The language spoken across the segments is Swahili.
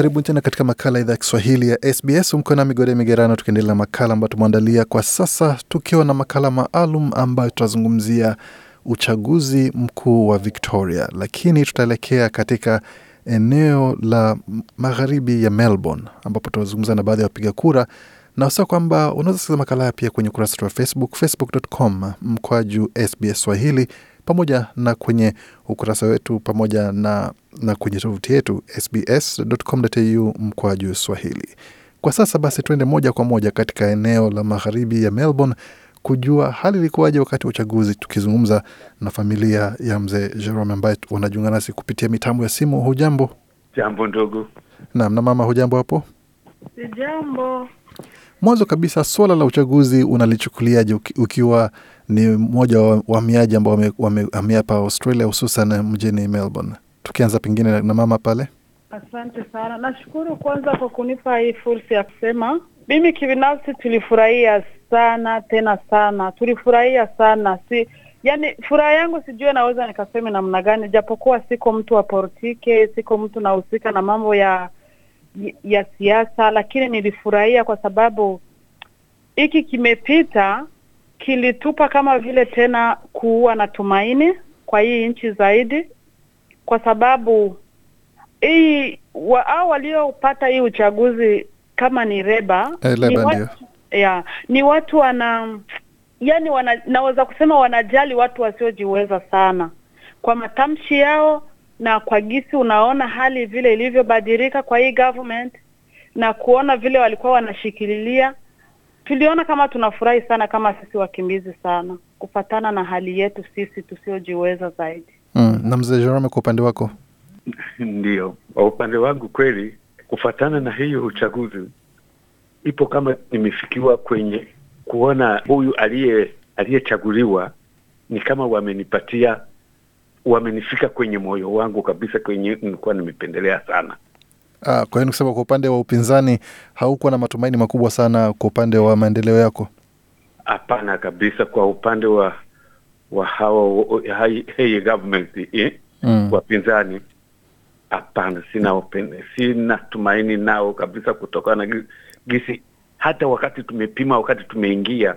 Karibu tena katika makala idhaa ya Kiswahili ya SBS. Umko na Migode Migerano, tukiendelea na makala ambayo tumeandalia kwa sasa, tukiwa na makala maalum ambayo tutazungumzia uchaguzi mkuu wa Victoria, lakini tutaelekea katika eneo la magharibi ya Melbourne ambapo tunazungumza na baadhi ya wapiga kura na hasa kwamba unaweza kusikiza makala haya pia kwenye ukurasa wetu wa Facebook, facebook.com mkwaju SBS Swahili pamoja na kwenye ukurasa wetu pamoja na, na kwenye tovuti yetu sbs.com.au mkoa juu Swahili. Kwa sasa basi, tuende moja kwa moja katika eneo la magharibi ya Melbourne kujua hali ilikuwaje wakati wa uchaguzi, tukizungumza na familia ya mzee Jerome ambaye wanajiunga nasi kupitia mitambo ya simu. Hujambo? Jambo ndugu. nam Na mama, hujambo hapo? jambo Mwanzo kabisa, swala la uchaguzi unalichukuliaje ukiwa ni mmoja wa wahamiaji ambao wamehamia hapa Australia, hususan mjini Melbourne? Tukianza pengine na mama pale. Asante sana, nashukuru kwanza kwa kunipa hii fursa ya kusema. Mimi kibinafsi tulifurahia sana tena sana, tulifurahia sana si Yani furaha yangu sijui naweza nikaseme namna gani, japokuwa siko mtu wa politike, siko mtu nahusika na mambo ya ya siasa, lakini nilifurahia kwa sababu hiki kimepita kilitupa kama vile tena kuua na tumaini kwa hii nchi zaidi, kwa sababu hii wa, au waliopata hii uchaguzi kama ni reba, hey, eh, ni, watu, ya, ni watu wana yani wana, naweza kusema wanajali watu wasiojiweza sana kwa matamshi yao na kwa gisi unaona hali vile ilivyobadilika kwa hii government na kuona vile walikuwa wanashikililia, tuliona kama tunafurahi sana kama sisi wakimbizi sana kufatana na hali yetu sisi tusiojiweza zaidi. Mm, na mzee Jerome, kwa upande wako? ndio kwa upande wangu kweli kufatana na hiyo uchaguzi ipo kama nimefikiwa kwenye kuona huyu aliyechaguliwa ni kama wamenipatia wamenifika kwenye moyo wangu kabisa, kwenye nilikuwa nimependelea sana. Aa, ah, kwa hiyo nikusema kwa upande wa upinzani haukuwa na matumaini makubwa sana kwa upande wa maendeleo yako? Hapana kabisa, kwa upande wa wa hawa hey, government eh, mm. wapinzani hapana, sina upende, sina tumaini nao kabisa, kutokana na gisi hata wakati tumepima, wakati tumeingia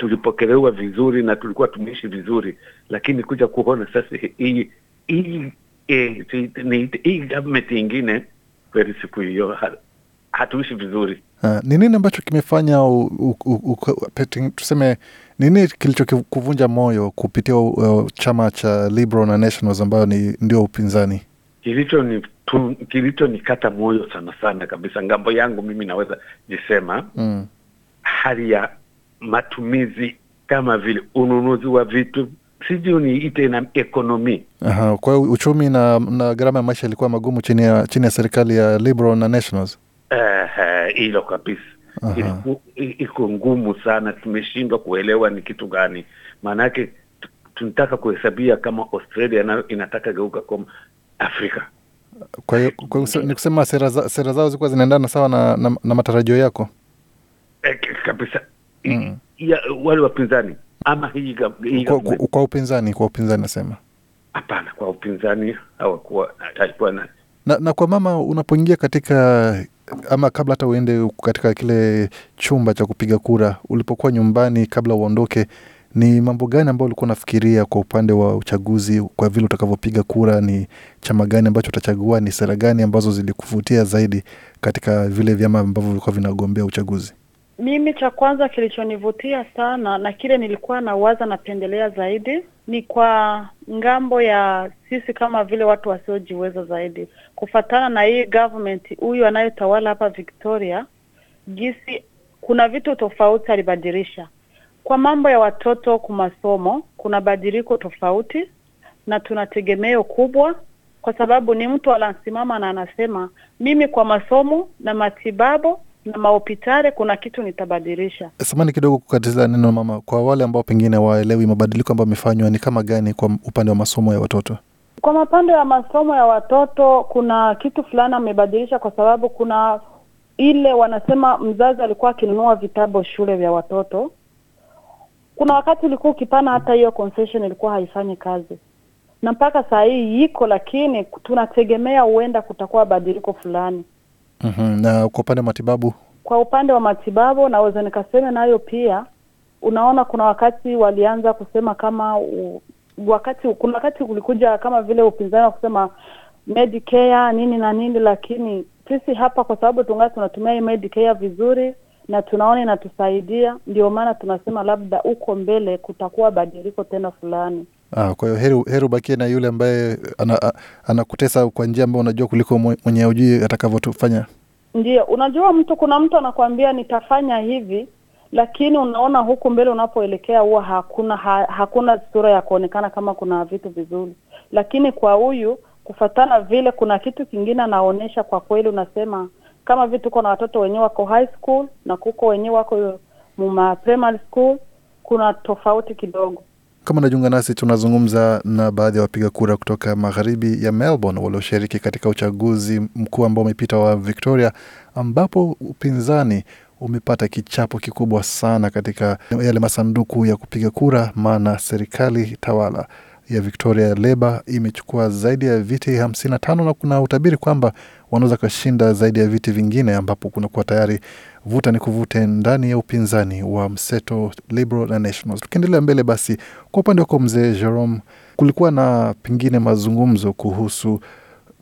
tulipokelewa vizuri na tulikuwa tumeishi vizuri, lakini kuja kuona sasa hii hii e, government ingine kweli, siku hiyo hatuishi vizuri. Ah, ni nini ambacho kimefanya u, u, u, peting, tuseme nini kilichokuvunja moyo kupitia uh, chama cha Liberal na Nationals ambayo ni ndio upinzani? Kilichonikata moyo sana sana kabisa, ngambo yangu mimi naweza jisema mm. hali ya matumizi kama vile ununuzi wa vitu sijui ite na ekonomi. Aha, kwa hiyo uchumi na, na gharama ya maisha ilikuwa magumu chini ya chini ya serikali ya Liberal na Nationals. Hilo kabisa iko ngumu sana, tumeshindwa kuelewa ni kitu gani maanake. Tunataka kuhesabia kama Australia nayo inataka geuka kama Afrika. Kwa hiyo ni kusema sera, sera zao zilikuwa zinaendana sawa na, na, na matarajio yako e, kabisa. Mm. ya wale wapinzani ama hii kwa, kwa, kwa upinzani kwa upinzani nasema hapana, kwa upinzani hawakuwa alikuwa na na, na kwa mama unapoingia katika ama kabla hata uende katika kile chumba cha kupiga kura, ulipokuwa nyumbani kabla uondoke, ni mambo gani ambayo ulikuwa unafikiria kwa upande wa uchaguzi, kwa vile utakavyopiga kura? Ni chama gani ambacho utachagua? Ni sera gani ambazo zilikuvutia zaidi katika vile vyama ambavyo vilikuwa vinagombea uchaguzi? Mimi cha kwanza kilichonivutia sana na kile nilikuwa nawaza napendelea zaidi ni kwa ngambo ya sisi kama vile watu wasiojiweza zaidi, kufatana na hii government huyu anayetawala hapa Victoria, jinsi kuna vitu tofauti alibadilisha kwa mambo ya watoto ku masomo kuna badiliko tofauti na tuna tegemeo kubwa, kwa sababu ni mtu anasimama na anasema mimi kwa masomo na matibabu na maopitare kuna kitu nitabadilisha. Samani kidogo kukatiza neno mama, kwa wale ambao pengine waelewi mabadiliko ambayo amefanywa ni kama gani kwa upande wa masomo ya watoto? Kwa mapande ya masomo ya watoto kuna kitu fulani amebadilisha, kwa sababu kuna ile wanasema mzazi alikuwa akinunua vitabu shule vya watoto. Kuna wakati ulikuwa ukipana hata hiyo concession ilikuwa haifanyi kazi, na mpaka saa hii iko, lakini tunategemea huenda kutakuwa badiliko fulani mm -hmm. Na kwa upande wa matibabu, kwa upande wa matibabu naweza nikaseme nayo pia, unaona kuna wakati walianza kusema kama u, wakati kuna wakati kulikuja kama vile upinzani wa kusema Medicare nini na nini, lakini sisi hapa kwa sababu tungaa tunatumia hii Medicare vizuri na tunaona inatusaidia, ndio maana tunasema labda huko mbele kutakuwa badiliko tena fulani. Ah, kwa hiyo heri, heri ubakie na yule ambaye anakutesa ana, ana kwa njia ambayo unajua kuliko mwenye ujui atakavyofanya. Ndio, unajua mtu, kuna mtu anakuambia nitafanya hivi, lakini unaona huku mbele unapoelekea huwa hakuna ha, hakuna sura ya kuonekana kama kuna vitu vizuri, lakini kwa huyu kufatana vile kuna kitu kingine anaonyesha, kwa kweli unasema kama vitu tuko na watoto wenyewe wako high school na kuko wenyewe wako muma primary school, kuna tofauti kidogo kama unajiunga nasi, tunazungumza na baadhi ya wapiga kura kutoka magharibi ya Melbourne walioshiriki katika uchaguzi mkuu ambao umepita wa Victoria, ambapo upinzani umepata kichapo kikubwa sana katika yale masanduku ya kupiga kura, maana serikali tawala ya Victoria ya Leba imechukua zaidi ya viti 55 na kuna utabiri kwamba wanaweza kashinda zaidi ya viti vingine, ambapo kunakuwa tayari vuta ni kuvute ndani ya upinzani wa mseto Liberal na Nationals. Tukiendelea mbele, basi kwa upande wako mzee Jerome, kulikuwa na pengine mazungumzo kuhusu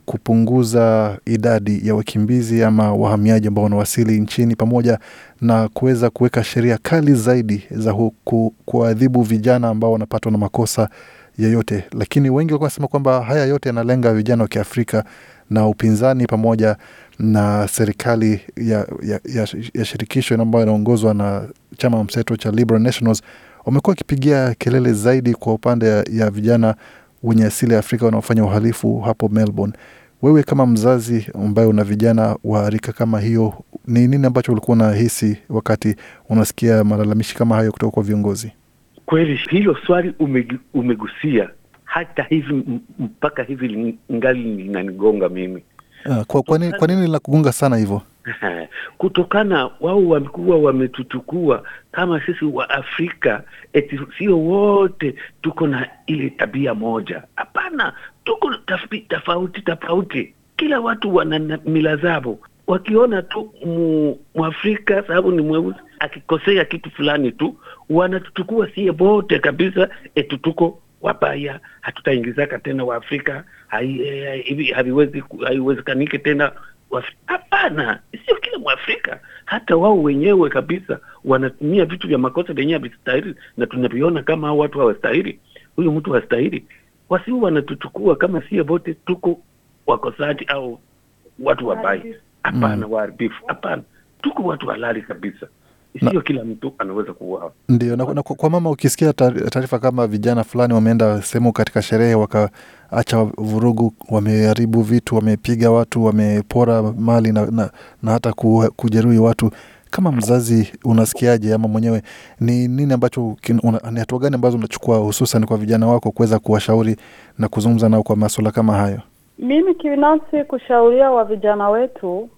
kupunguza idadi ya wakimbizi ama wahamiaji ambao wanawasili nchini pamoja na kuweza kuweka sheria kali zaidi za kuadhibu vijana ambao wanapatwa na makosa yeyote lakini wengi walikuwa wanasema kwamba haya yote yanalenga vijana wa Kiafrika na upinzani pamoja na serikali ya, ya, ya, ya shirikisho ambayo inaongozwa na chama mseto cha Liberal Nationals wamekuwa wakipigia kelele zaidi kwa upande ya, ya vijana wenye asili ya Afrika wanaofanya uhalifu hapo Melbourne. Wewe kama mzazi ambaye una vijana wa rika kama hiyo, ni nini ambacho ulikuwa unahisi wakati unasikia malalamishi kama hayo kutoka kwa viongozi? Kweli hilo swali umegusia hata hivi mpaka hivi ngali linanigonga mimi. Ah, kwa, kwa nini, kwa nini la kugonga sana hivyo? Kutokana wao wamekuwa wametuchukua kama sisi wa Afrika eti sio wote tuko na ile tabia moja. Hapana, tuko tofauti tofauti, kila watu wana mila zao. Wakiona tu Mwafrika sababu ni mweusi akikosea kitu fulani tu wanatuchukua sie wote kabisa, etutuko tuko wabaya, hatutaingizaka tena Waafrika, eh, haviwezi haiwezekaniki tena. Hapana, sio kila Mwafrika, hata wao wenyewe kabisa wanatumia vitu vya makosa vyenyewe havistahiri na tunaviona kama hao watu hawastahiri huyu mtu hastahiri wasiu wanatuchukua kama sie vote tuko wakosaji au watu wabaya. Hapana, waharibifu. Hapana, mm. tuko watu halali kabisa. Sio kila mtu anaweza kuuawa. Ndio na, na, kwa mama, ukisikia taarifa kama vijana fulani wameenda sehemu katika sherehe wakaacha vurugu, wameharibu vitu, wamepiga watu, wamepora mali na, na, na hata kujeruhi watu, kama mzazi unasikiaje? Ama mwenyewe ni nini ambacho, ni hatua gani ambazo unachukua hususan kwa vijana wako kuweza kuwashauri na kuzungumza nao kwa masuala kama hayo? Mimi kibinafsi kushauria wa vijana wetu,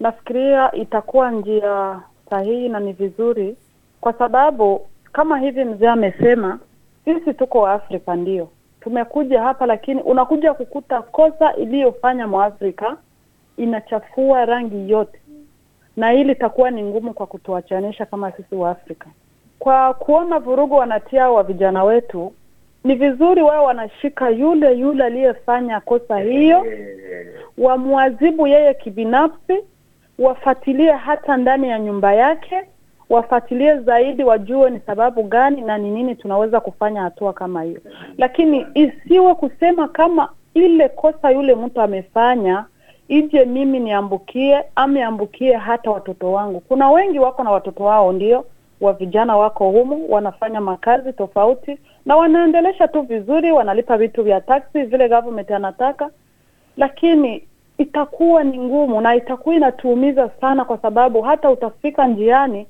nafikiria itakuwa njia sahihi na ni vizuri, kwa sababu kama hivi mzee amesema, sisi tuko Afrika, ndio tumekuja hapa, lakini unakuja kukuta kosa iliyofanya Mwafrika inachafua rangi yote, na hili litakuwa ni ngumu kwa kutuachanisha kama sisi Waafrika. Kwa kuona vurugu wanatia wa vijana wetu, ni vizuri wao wanashika yule yule aliyefanya kosa hiyo, eh. wamwazibu yeye kibinafsi wafuatilie hata ndani ya nyumba yake, wafuatilie zaidi, wajue ni sababu gani na ni nini tunaweza kufanya hatua kama hiyo, lakini isiwe kusema kama ile kosa yule mtu amefanya ije mimi niambukie, ameambukie hata watoto wangu. Kuna wengi wako na watoto wao, ndio wa vijana wako humu, wanafanya makazi tofauti na wanaendelesha tu vizuri, wanalipa vitu vya taksi vile government anataka, lakini itakuwa ni ngumu na itakuwa inatuumiza sana, kwa sababu hata utafika njiani,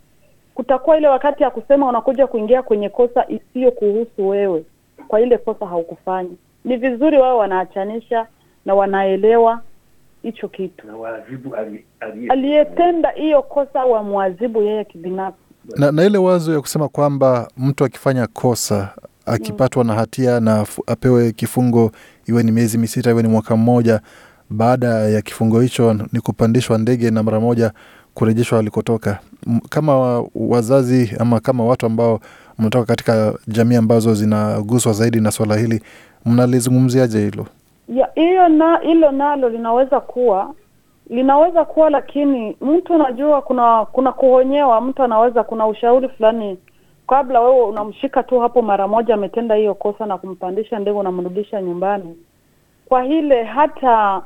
kutakuwa ile wakati ya kusema unakuja kuingia kwenye kosa isiyo kuhusu wewe, kwa ile kosa haukufanya. Ni vizuri wao wanaachanisha na wanaelewa hicho kitu, aliyetenda hiyo kosa mwazibu yeye kibinafsi. Na, na ile wazo ya kusema kwamba mtu akifanya kosa akipatwa na hatia na apewe kifungo, iwe ni miezi misita, iwe ni mwaka mmoja baada ya kifungo hicho ni kupandishwa ndege na mara moja kurejeshwa alikotoka. Kama wazazi ama kama watu ambao mnatoka katika jamii ambazo zinaguswa zaidi na swala hili, mnalizungumziaje hilo? hiyo na hilo nalo linaweza kuwa linaweza kuwa, lakini mtu unajua, kuna kuna kuonyewa, mtu anaweza, kuna ushauri fulani kabla wewe unamshika tu hapo mara moja ametenda hiyo kosa na kumpandisha ndege, unamrudisha nyumbani, kwa hile hata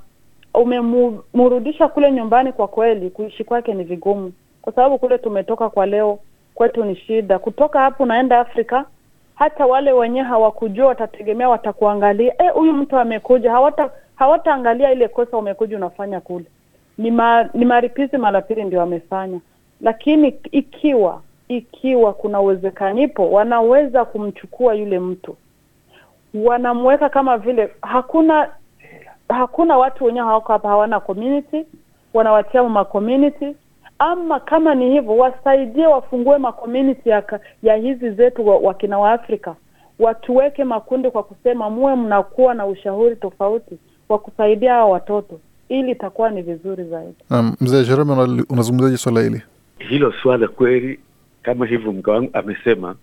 umemurudisha kule nyumbani, kwa kweli kuishi kwake ni vigumu, kwa sababu kule tumetoka kwa leo kwetu ni shida. Kutoka hapo unaenda Afrika, hata wale wenyewe hawakujua, watategemea watakuangalia, eh, huyu mtu amekuja, hawata hawataangalia ile kosa umekuja unafanya kule. Ni, ma, ni maripizi pili ndio amefanya lakini ikiwa ikiwa kuna uwezekanipo wanaweza kumchukua yule mtu wanamweka kama vile hakuna hakuna watu wenyewe hawako hapa, hawana community, wanawatia ma community ama kama ni hivyo wasaidie, wafungue community ya, ya hizi zetu wakina wa Afrika, watuweke makundi kwa kusema muwe mnakuwa na ushauri tofauti wa kusaidia hawa watoto, ili itakuwa ni vizuri zaidi. Um, mzee Jerome, unazungumzaje swala hili? Hilo swala kweli, kama hivyo mke wangu amesema,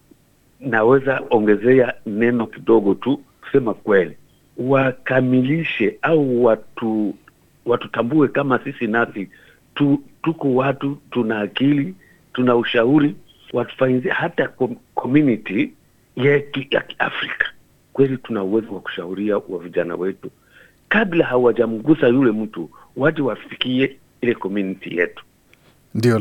naweza ongezea neno kidogo tu kusema kweli wakamilishe au watu watutambue kama sisi nasi tu, tuko watu tuna akili tuna ushauri, watufanyizie hata community ya Kiafrika. Kweli tuna uwezo wa kushauria wa vijana wetu kabla hawajamgusa yule mtu, waje wafikie ile community yetu. Ndio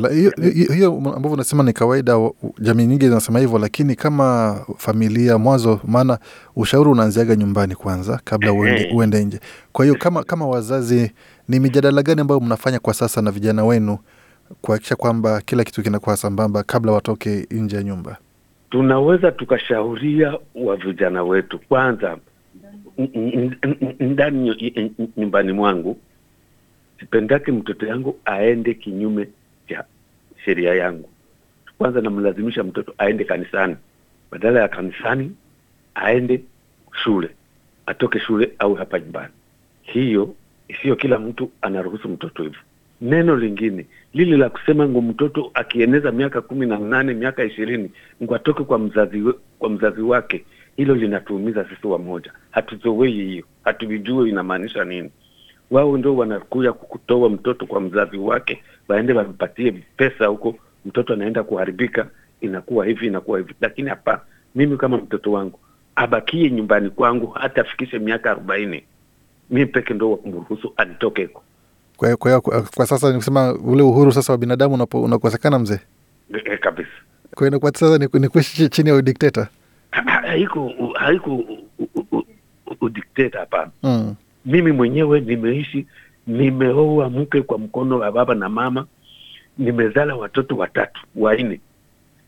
hiyo ambavyo unasema ni kawaida, jamii nyingi zinasema hivyo, lakini kama familia mwanzo, maana ushauri unaanziaga nyumbani kwanza kabla uende, uende nje. Kwa hiyo kama, kama wazazi, ni mijadala gani ambayo mnafanya kwa sasa na vijana wenu kuhakikisha kwamba kila kitu kinakuwa sambamba kabla watoke nje ya nyumba? Tunaweza tukashauria wa vijana wetu kwanza, ndani nyumbani mwangu sipendake mtoto yangu aende kinyume sheria yangu. Kwanza namlazimisha mtoto aende kanisani, badala ya kanisani aende shule, atoke shule au hapa nyumbani. Hiyo sio kila mtu anaruhusu mtoto hivyo. Neno lingine lile la kusema ngu mtoto akieneza miaka kumi na nane miaka ishirini ngu atoke kwa mzazi, kwa mzazi wake, hilo linatuumiza sisi wamoja. Hatuzowei hiyo, hatuvijue inamaanisha nini wao ndio wanakuja kutoa mtoto kwa mzazi wake, waende wampatie pesa huko, mtoto anaenda kuharibika, inakuwa hivi inakuwa hivi. Lakini hapa mimi kama mtoto wangu abakie nyumbani kwangu hata afikishe miaka arobaini, mi peke ndo wakumruhusu alitoke huko. Kwa, kwa, kwa, kwa sasa nikusema ule uhuru sasa wa binadamu unakosekana mzee e, kabisa. Kwa sasa ni kuishi chini ya udikteta. Haiko haiko udikteta hapana. mm. Mimi mwenyewe nimeishi, nimeoa mke kwa mkono wa baba na mama, nimezala watoto watatu wanne.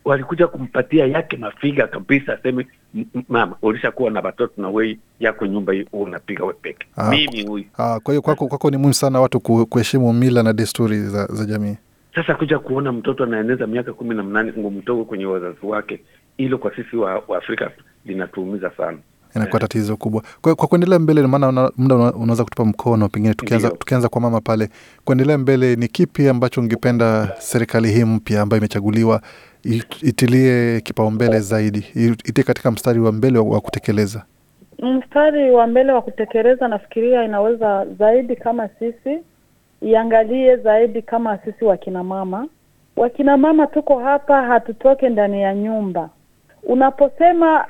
Walikuja kumpatia yake mafiga kabisa, aseme mama, ulishakuwa na watoto na wei yako nyumba hii unapiga we peke ah, mimi huyu. Ah, kwa hiyo kwako, kwako ni muhimu sana watu kuheshimu mila na desturi za, za jamii. Sasa kuja kuona mtoto anaeneza miaka kumi na mnane ngumtogo kwenye wazazi wake, hilo kwa sisi wa, wa Afrika linatuumiza sana inakuwa tatizo kubwa kwa, kwa kuendelea mbele, maana muda unaweza kutupa mkono, pengine tukianza, tukianza kwa mama pale, kuendelea mbele, ni kipi ambacho ungependa serikali hii mpya ambayo imechaguliwa itilie kipaumbele zaidi, itie katika mstari wa mbele wa kutekeleza? Mstari wa mbele wa kutekeleza, nafikiria inaweza zaidi kama sisi iangalie zaidi kama sisi wakinamama. Wakinamama tuko hapa, hatutoke ndani ya nyumba. Unaposema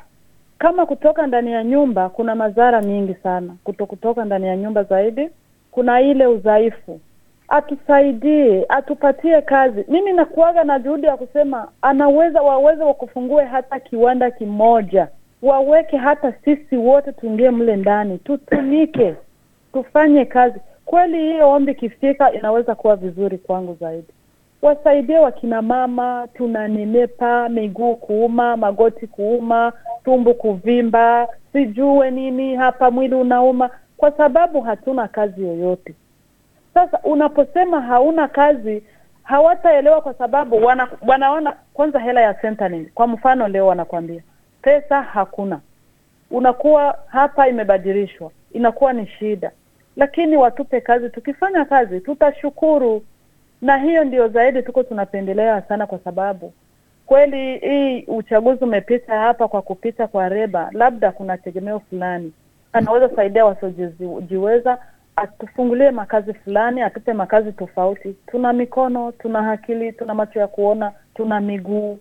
kama kutoka ndani ya nyumba kuna madhara mingi sana, kuto kutoka ndani ya nyumba zaidi. Kuna ile udhaifu, atusaidie, atupatie kazi. Mimi nakuaga na juhudi ya kusema anaweza, waweze wakufungue hata kiwanda kimoja, waweke hata sisi wote tuingie mle ndani, tutumike, tufanye kazi kweli. Hiyo ombi ikifika inaweza kuwa vizuri kwangu zaidi wasaidie wakinamama tunanenepa, miguu kuuma, magoti kuuma, tumbu kuvimba, sijue nini hapa, mwili unauma, kwa sababu hatuna kazi yoyote. Sasa unaposema hauna kazi, hawataelewa kwa sababu wana, wanaona kwanza hela ya senta. Kwa mfano leo wanakwambia pesa hakuna, unakuwa hapa imebadilishwa, inakuwa ni shida, lakini watupe kazi. Tukifanya kazi tutashukuru na hiyo ndio zaidi tuko tunapendelea sana, kwa sababu kweli hii uchaguzi umepita hapa kwa kupita kwa reba, labda kuna tegemeo fulani anaweza saidia wasiojiweza, atufungulie makazi fulani, atupe makazi tofauti. Tuna mikono, tuna akili, tuna macho ya kuona, tuna miguu,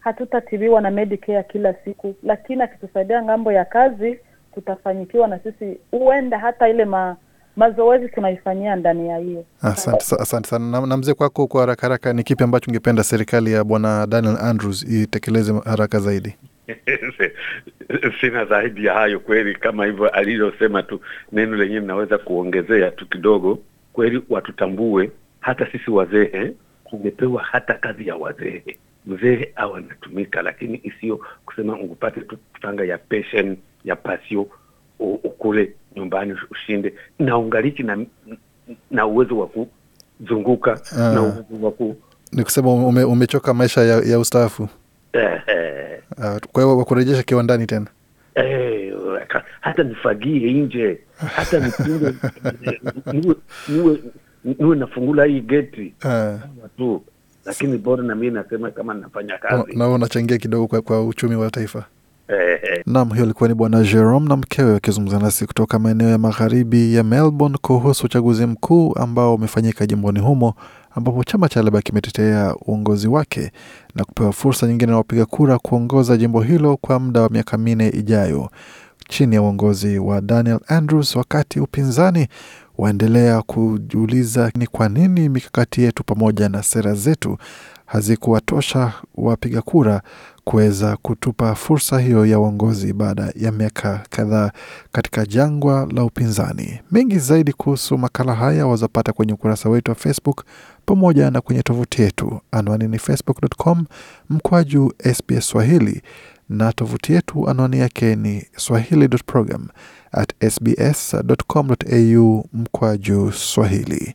hatutatibiwa na Medicare kila siku, lakini akitusaidia ngambo ya kazi tutafanyikiwa na sisi, huenda hata ile ma mazoezi tunaifanyia ndani ya hiyo. Asante, asante sana na, na mzee, kwako kwa haraka haraka, ni kipi ambacho ungependa serikali ya bwana Daniel Andrews itekeleze haraka zaidi? Sina zaidi ya hayo kweli, kama hivyo alivyosema tu. Neno lenyewe linaweza kuongezea tu kidogo, kweli watutambue hata sisi wazee, tumepewa eh, hata kazi ya wazee. Mzee au anatumika, lakini isiyo kusema ngupate tu tanga ya pension ya pasio ukule nyumbani ushinde na ungaliki na, na uwezo wa kuzunguka uh, na uwezo wa ku ni kusema ume, umechoka maisha ya, ya ustaafu eh, eh. Uh, kwa hiyo wakurejesha kiwandani tena eh, hata nifagie nje hata niwe, niwe, niwe, nafungula hii geti uh, tu lakini bora na mi nasema kama nafanya kazi na unachangia kidogo kwa, kwa uchumi wa taifa Eh, eh. Nam, huyo alikuwa ni bwana Jerome na mkewe wakizungumza nasi kutoka maeneo ya magharibi ya Melbourne kuhusu uchaguzi mkuu ambao umefanyika jimboni humo ambapo chama cha Leba kimetetea uongozi wake na kupewa fursa nyingine na wapiga kura kuongoza jimbo hilo kwa muda wa miaka minne ijayo chini ya uongozi wa Daniel Andrews, wakati upinzani waendelea kujiuliza ni kwa nini mikakati yetu pamoja na sera zetu hazikuwatosha wapiga kura kuweza kutupa fursa hiyo ya uongozi baada ya miaka kadhaa katika jangwa la upinzani. Mengi zaidi kuhusu makala haya wazapata kwenye ukurasa wetu wa Facebook pamoja na kwenye tovuti yetu, anwani ni facebook.com mkwaju SBS Swahili, na tovuti yetu anwani yake ni swahili.program at sbs.com.au mkwaju Swahili.